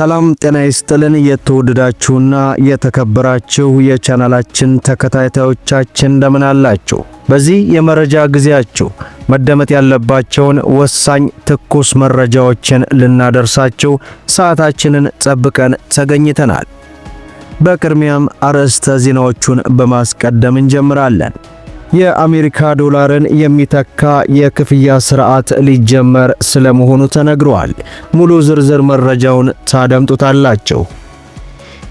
ሰላም ጤና ይስጥልን። የተወደዳችሁና የተከበራችሁ የቻናላችን ተከታታዮቻችን እንደምን አላችሁ? በዚህ የመረጃ ጊዜያችሁ መደመጥ ያለባቸውን ወሳኝ ትኩስ መረጃዎችን ልናደርሳችሁ ሰዓታችንን ጠብቀን ተገኝተናል። በቅድሚያም አርዕስተ ዜናዎቹን በማስቀደም እንጀምራለን። የአሜሪካ ዶላርን የሚተካ የክፍያ ስርዓት ሊጀመር ስለመሆኑ ተነግሯል። ሙሉ ዝርዝር መረጃውን ታደምጡታላችሁ።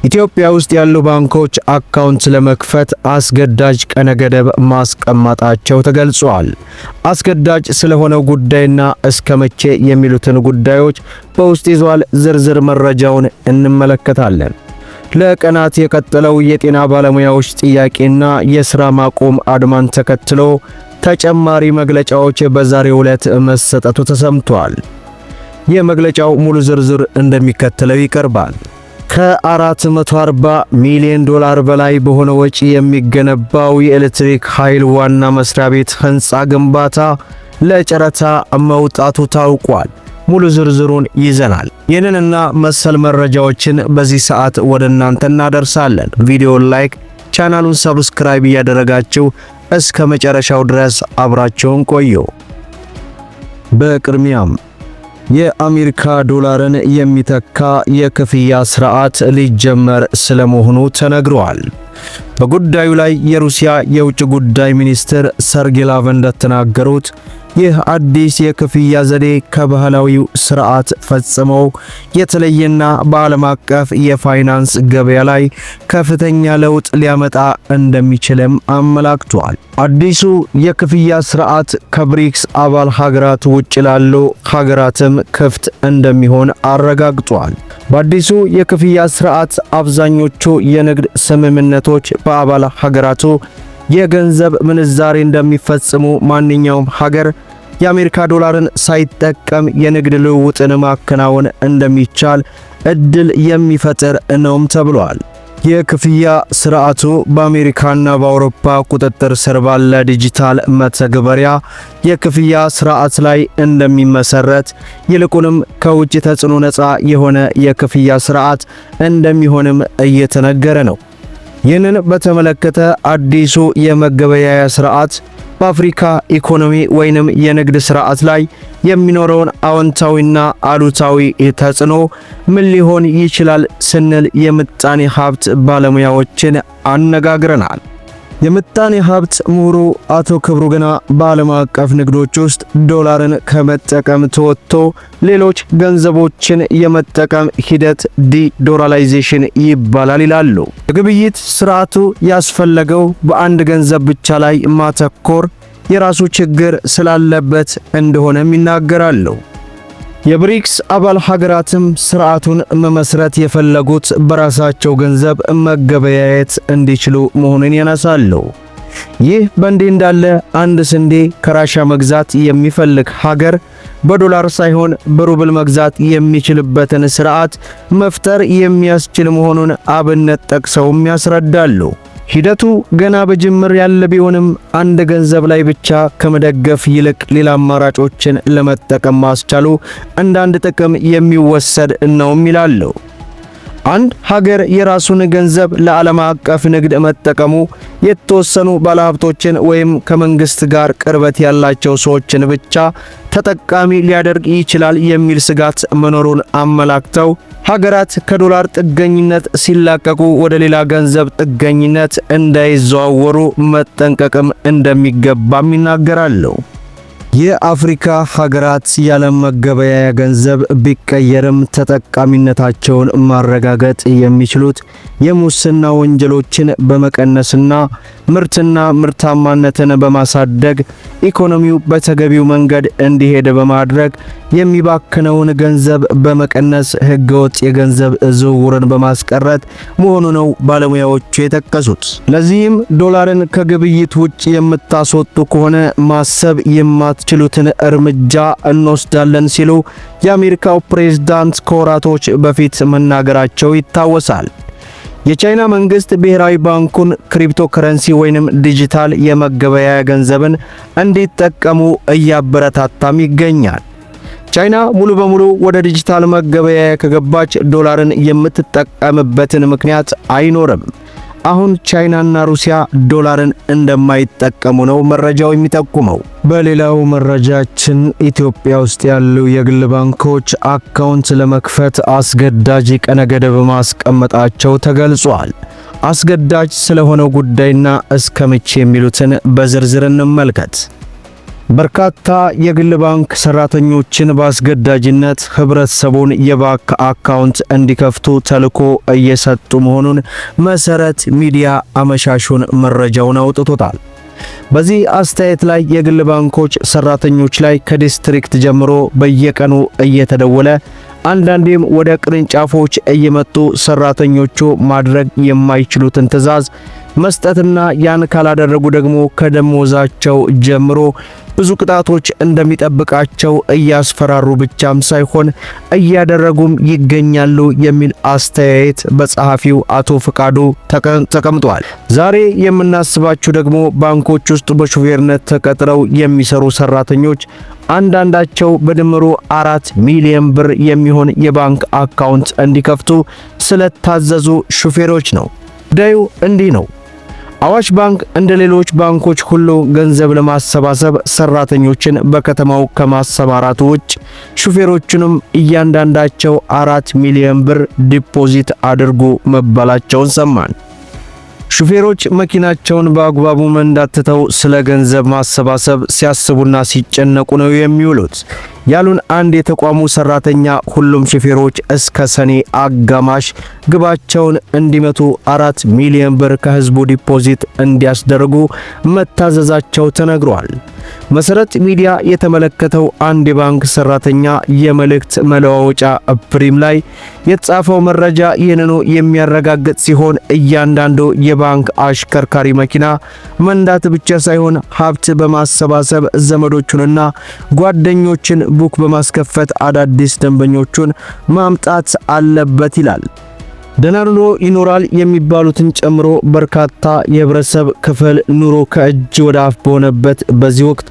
ኢትዮጵያ ውስጥ ያሉ ባንኮች አካውንት ለመክፈት አስገዳጅ ቀነ ገደብ ማስቀመጣቸው ተገልጿል። አስገዳጅ ስለሆነው ጉዳይና እስከ መቼ የሚሉትን ጉዳዮች በውስጥ ይዟል። ዝርዝር መረጃውን እንመለከታለን። ለቀናት የቀጠለው የጤና ባለሙያዎች ጥያቄና የሥራ ማቆም አድማን ተከትሎ ተጨማሪ መግለጫዎች በዛሬው ዕለት መሰጠቱ ተሰምቷል። የመግለጫው ሙሉ ዝርዝር እንደሚከተለው ይቀርባል። ከ440 ሚሊዮን ዶላር በላይ በሆነ ወጪ የሚገነባው የኤሌክትሪክ ኃይል ዋና መስሪያ ቤት ሕንፃ ግንባታ ለጨረታ መውጣቱ ታውቋል። ሙሉ ዝርዝሩን ይዘናል። ይህንንና መሰል መረጃዎችን በዚህ ሰዓት ወደ እናንተ እናደርሳለን። ቪዲዮን ላይክ፣ ቻናሉን ሰብስክራይብ እያደረጋችሁ እስከ መጨረሻው ድረስ አብራቸውን ቆዩ። በቅድሚያም የአሜሪካ ዶላርን የሚተካ የክፍያ ስርዓት ሊጀመር ስለመሆኑ ተነግሯል። በጉዳዩ ላይ የሩሲያ የውጭ ጉዳይ ሚኒስትር ሰርጌይ ላቭ እንደተናገሩት ይህ አዲስ የክፍያ ዘዴ ከባህላዊው ስርዓት ፈጽሞ የተለየና በዓለም አቀፍ የፋይናንስ ገበያ ላይ ከፍተኛ ለውጥ ሊያመጣ እንደሚችልም አመላክቷል። አዲሱ የክፍያ ስርዓት ከብሪክስ አባል ሀገራት ውጭ ላሉ ሀገራትም ክፍት እንደሚሆን አረጋግጧል። በአዲሱ የክፍያ ስርዓት አብዛኞቹ የንግድ ስምምነቶች በአባል ሀገራቱ የገንዘብ ምንዛሬ እንደሚፈጽሙ ማንኛውም ሀገር የአሜሪካ ዶላርን ሳይጠቀም የንግድ ልውውጥን ማከናወን እንደሚቻል እድል የሚፈጥር ነውም ተብሏል። የክፍያ ስርዓቱ በአሜሪካና በአውሮፓ ቁጥጥር ስር ባለ ዲጂታል መተግበሪያ የክፍያ ስርዓት ላይ እንደሚመሰረት ይልቁንም ከውጭ ተጽዕኖ ነፃ የሆነ የክፍያ ስርዓት እንደሚሆንም እየተነገረ ነው። ይህንን በተመለከተ አዲሱ የመገበያያ ስርዓት በአፍሪካ ኢኮኖሚ ወይንም የንግድ ስርዓት ላይ የሚኖረውን አዎንታዊና አሉታዊ ተጽዕኖ ምን ሊሆን ይችላል ስንል የምጣኔ ሀብት ባለሙያዎችን አነጋግረናል። የምጣኔ ሀብት ምሁሩ አቶ ክብሩ ገና በዓለም አቀፍ ንግዶች ውስጥ ዶላርን ከመጠቀም ተወጥቶ ሌሎች ገንዘቦችን የመጠቀም ሂደት ዲዶላራይዜሽን ይባላል ይላሉ። የግብይት ስርዓቱ ያስፈለገው በአንድ ገንዘብ ብቻ ላይ ማተኮር የራሱ ችግር ስላለበት እንደሆነም ይናገራሉ። የብሪክስ አባል ሀገራትም ስርዓቱን መመስረት የፈለጉት በራሳቸው ገንዘብ መገበያየት እንዲችሉ መሆኑን ያነሳሉ። ይህ በእንዲህ እንዳለ አንድ ስንዴ ከራሻ መግዛት የሚፈልግ ሀገር በዶላር ሳይሆን በሩብል መግዛት የሚችልበትን ስርዓት መፍጠር የሚያስችል መሆኑን አብነት ጠቅሰውም ያስረዳሉ። ሂደቱ ገና በጅምር ያለ ቢሆንም አንድ ገንዘብ ላይ ብቻ ከመደገፍ ይልቅ ሌላ አማራጮችን ለመጠቀም ማስቻሉ እንዳንድ ጥቅም የሚወሰድ ነውም የሚላለው አንድ ሀገር የራሱን ገንዘብ ለዓለም አቀፍ ንግድ መጠቀሙ የተወሰኑ ባለሀብቶችን ወይም ከመንግስት ጋር ቅርበት ያላቸው ሰዎችን ብቻ ተጠቃሚ ሊያደርግ ይችላል የሚል ስጋት መኖሩን አመላክተው ሀገራት ከዶላር ጥገኝነት ሲላቀቁ ወደ ሌላ ገንዘብ ጥገኝነት እንዳይዘዋወሩ መጠንቀቅም እንደሚገባም ይናገራሉ። የአፍሪካ ሀገራት የዓለም መገበያያ ገንዘብ ቢቀየርም ተጠቃሚነታቸውን ማረጋገጥ የሚችሉት የሙስና ወንጀሎችን በመቀነስና ምርትና ምርታማነትን በማሳደግ ኢኮኖሚው በተገቢው መንገድ እንዲሄድ በማድረግ የሚባክነውን ገንዘብ በመቀነስ ህገወጥ የገንዘብ ዝውውርን በማስቀረት መሆኑ ነው ባለሙያዎቹ የጠቀሱት። ለዚህም ዶላርን ከግብይት ውጭ የምታስወጡ ከሆነ ማሰብ የማ የማትችሉትን እርምጃ እንወስዳለን ሲሉ የአሜሪካው ፕሬዝዳንት ከወራቶች በፊት መናገራቸው ይታወሳል። የቻይና መንግስት ብሔራዊ ባንኩን ክሪፕቶ ከረንሲ ወይንም ዲጂታል የመገበያያ ገንዘብን እንዲጠቀሙ እያበረታታም ይገኛል። ቻይና ሙሉ በሙሉ ወደ ዲጂታል መገበያያ ከገባች ዶላርን የምትጠቀምበትን ምክንያት አይኖርም። አሁን ቻይናና ሩሲያ ዶላርን እንደማይጠቀሙ ነው መረጃው የሚጠቁመው። በሌላው መረጃችን ኢትዮጵያ ውስጥ ያሉ የግል ባንኮች አካውንት ለመክፈት አስገዳጅ ቀነ ገደብ ማስቀመጣቸው ተገልጿል። አስገዳጅ ስለሆነው ጉዳይና እስከ መቼ የሚሉትን በዝርዝር እንመልከት። በርካታ የግል ባንክ ሰራተኞችን በአስገዳጅነት ህብረተሰቡን የባንክ አካውንት እንዲከፍቱ ተልኮ እየሰጡ መሆኑን መሰረት ሚዲያ አመሻሹን መረጃውን አውጥቶታል። በዚህ አስተያየት ላይ የግል ባንኮች ሰራተኞች ላይ ከዲስትሪክት ጀምሮ በየቀኑ እየተደወለ አንዳንዴም ወደ ቅርንጫፎች እየመጡ ሰራተኞቹ ማድረግ የማይችሉትን ትዕዛዝ መስጠትና ያን ካላደረጉ ደግሞ ከደሞዛቸው ጀምሮ ብዙ ቅጣቶች እንደሚጠብቃቸው እያስፈራሩ ብቻም ሳይሆን እያደረጉም ይገኛሉ የሚል አስተያየት በጸሐፊው አቶ ፍቃዱ ተቀምጧል። ዛሬ የምናስባችሁ ደግሞ ባንኮች ውስጥ በሹፌርነት ተቀጥረው የሚሰሩ ሰራተኞች አንዳንዳቸው በድምሩ አራት ሚሊዮን ብር የሚሆን የባንክ አካውንት እንዲከፍቱ ስለታዘዙ ሹፌሮች ነው። ጉዳዩ እንዲህ ነው። አዋሽ ባንክ እንደ ሌሎች ባንኮች ሁሉ ገንዘብ ለማሰባሰብ ሰራተኞችን በከተማው ከማሰማራቱ ውጭ ሹፌሮቹንም እያንዳንዳቸው አራት ሚሊዮን ብር ዲፖዚት አድርጉ መባላቸውን ሰማን። ሹፌሮች መኪናቸውን በአግባቡ መንዳት ትተው ስለ ገንዘብ ማሰባሰብ ሲያስቡና ሲጨነቁ ነው የሚውሉት። ያሉን አንድ የተቋሙ ሰራተኛ ሁሉም ሾፌሮች እስከ ሰኔ አጋማሽ ግባቸውን እንዲመቱ አራት ሚሊዮን ብር ከህዝቡ ዲፖዚት እንዲያስደርጉ መታዘዛቸው ተነግሯል። መሰረት ሚዲያ የተመለከተው አንድ የባንክ ሰራተኛ የመልእክት መለዋወጫ ፕሪም ላይ የተጻፈው መረጃ ይህንኑ የሚያረጋግጥ ሲሆን እያንዳንዱ የባንክ አሽከርካሪ መኪና መንዳት ብቻ ሳይሆን ሀብት በማሰባሰብ ዘመዶቹንና ጓደኞችን ቡክ በማስከፈት አዳዲስ ደንበኞቹን ማምጣት አለበት ይላል። ደህና ኑሮ ይኖራል የሚባሉትን ጨምሮ በርካታ የህብረተሰብ ክፍል ኑሮ ከእጅ ወደ አፍ በሆነበት በዚህ ወቅት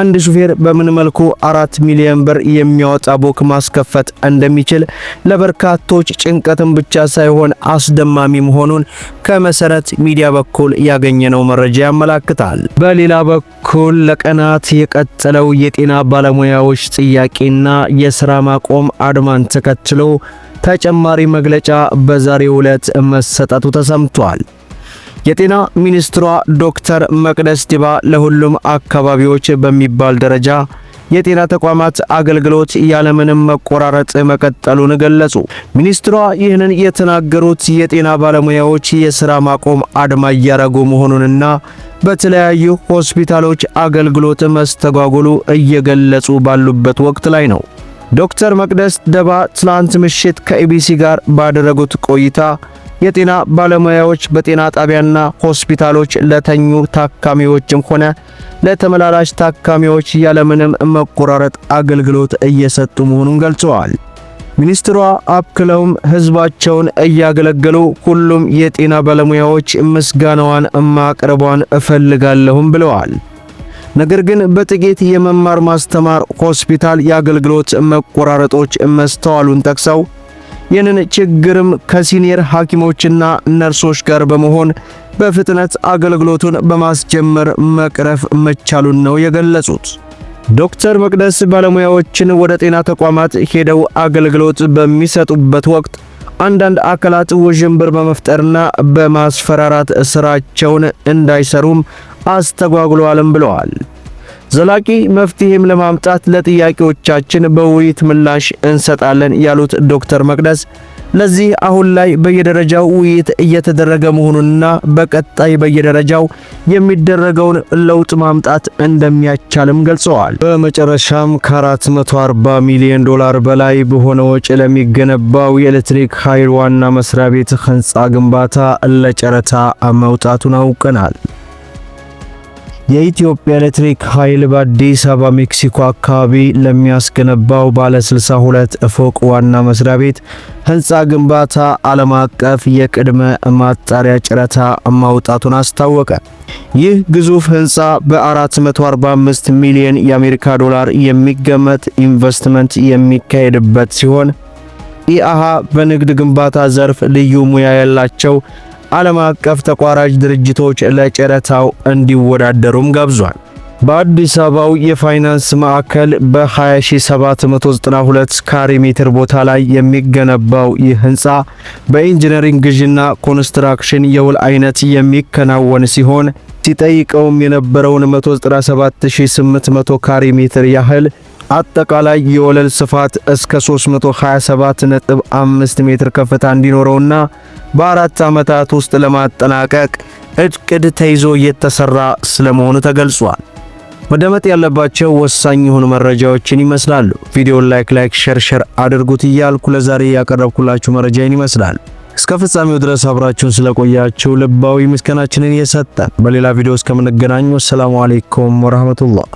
አንድ ሹፌር በምን መልኩ አራት ሚሊዮን ብር የሚያወጣ ቦክ ማስከፈት እንደሚችል ለበርካቶች ጭንቀትን ብቻ ሳይሆን አስደማሚ መሆኑን ከመሰረት ሚዲያ በኩል ያገኘነው መረጃ ያመላክታል። በሌላ በኩል ለቀናት የቀጠለው የጤና ባለሙያዎች ጥያቄና የስራ ማቆም አድማን ተከትሎ ተጨማሪ መግለጫ በዛሬው ዕለት መሰጠቱ ተሰምቷል። የጤና ሚኒስትሯ ዶክተር መቅደስ ዲባ ለሁሉም አካባቢዎች በሚባል ደረጃ የጤና ተቋማት አገልግሎት ያለምንም መቆራረጥ መቀጠሉን ገለጹ። ሚኒስትሯ ይህንን የተናገሩት የጤና ባለሙያዎች የሥራ ማቆም አድማ እያደረጉ መሆኑንና በተለያዩ ሆስፒታሎች አገልግሎት መስተጓጎሉ እየገለጹ ባሉበት ወቅት ላይ ነው። ዶክተር መቅደስ ዲባ ትላንት ምሽት ከኢቢሲ ጋር ባደረጉት ቆይታ የጤና ባለሙያዎች በጤና ጣቢያና ሆስፒታሎች ለተኙ ታካሚዎችም ሆነ ለተመላላሽ ታካሚዎች ያለምንም መቆራረጥ አገልግሎት እየሰጡ መሆኑን ገልጸዋል። ሚኒስትሯ አክለውም ሕዝባቸውን እያገለገሉ ሁሉም የጤና ባለሙያዎች ምስጋናዋን ማቅረቧን እፈልጋለሁም ብለዋል። ነገር ግን በጥቂት የመማር ማስተማር ሆስፒታል የአገልግሎት መቆራረጦች መስተዋሉን ጠቅሰው ይህንን ችግርም ከሲኒየር ሐኪሞችና ነርሶች ጋር በመሆን በፍጥነት አገልግሎቱን በማስጀመር መቅረፍ መቻሉን ነው የገለጹት። ዶክተር መቅደስ ባለሙያዎችን ወደ ጤና ተቋማት ሄደው አገልግሎት በሚሰጡበት ወቅት አንዳንድ አካላት ውዥንብር በመፍጠርና በማስፈራራት ስራቸውን እንዳይሰሩም አስተጓጉለዋልም ብለዋል። ዘላቂ መፍትሄም ለማምጣት ለጥያቄዎቻችን በውይይት ምላሽ እንሰጣለን ያሉት ዶክተር መቅደስ ለዚህ አሁን ላይ በየደረጃው ውይይት እየተደረገ መሆኑንና በቀጣይ በየደረጃው የሚደረገውን ለውጥ ማምጣት እንደሚያቻልም ገልጸዋል። በመጨረሻም ከ440 ሚሊዮን ዶላር በላይ በሆነ ወጪ ለሚገነባው የኤሌክትሪክ ኃይል ዋና መስሪያ ቤት ህንፃ ግንባታ ለጨረታ መውጣቱን አውቀናል። የኢትዮጵያ ኤሌክትሪክ ኃይል በአዲስ አበባ ሜክሲኮ አካባቢ ለሚያስገነባው ባለ 62 ፎቅ ዋና መስሪያ ቤት ህንፃ ግንባታ ዓለም አቀፍ የቅድመ ማጣሪያ ጨረታ ማውጣቱን አስታወቀ። ይህ ግዙፍ ህንፃ በ445 ሚሊዮን የአሜሪካ ዶላር የሚገመት ኢንቨስትመንት የሚካሄድበት ሲሆን ኢአሃ በንግድ ግንባታ ዘርፍ ልዩ ሙያ ያላቸው ዓለም አቀፍ ተቋራጭ ድርጅቶች ለጨረታው እንዲወዳደሩም ጋብዟል። በአዲስ አበባው የፋይናንስ ማዕከል በ20792 ካሬ ሜትር ቦታ ላይ የሚገነባው ይህ ህንፃ በኢንጂነሪንግ ግዥና ኮንስትራክሽን የውል አይነት የሚከናወን ሲሆን ሲጠይቀውም የነበረውን 197800 ካሬ ሜትር ያህል አጠቃላይ የወለል ስፋት እስከ 327.5 ሜትር ከፍታ እንዲኖረውና በአራት ዓመታት ውስጥ ለማጠናቀቅ እቅድ ተይዞ እየተሰራ ስለመሆኑ ተገልጿል። መደመጥ ያለባቸው ወሳኝ የሆኑ መረጃዎችን ይመስላሉ። ቪዲዮውን ላይክ ላይክ ሸር ሸር አድርጉት እያልኩ ለዛሬ ያቀረብኩላችሁ መረጃን ይመስላል። እስከ ፍጻሜው ድረስ አብራችሁን ስለቆያችሁ ልባዊ ምስጋናችንን እየሰጠን በሌላ ቪዲዮ እስከምንገናኙ ሰላም አለይኩም ወራህመቱላህ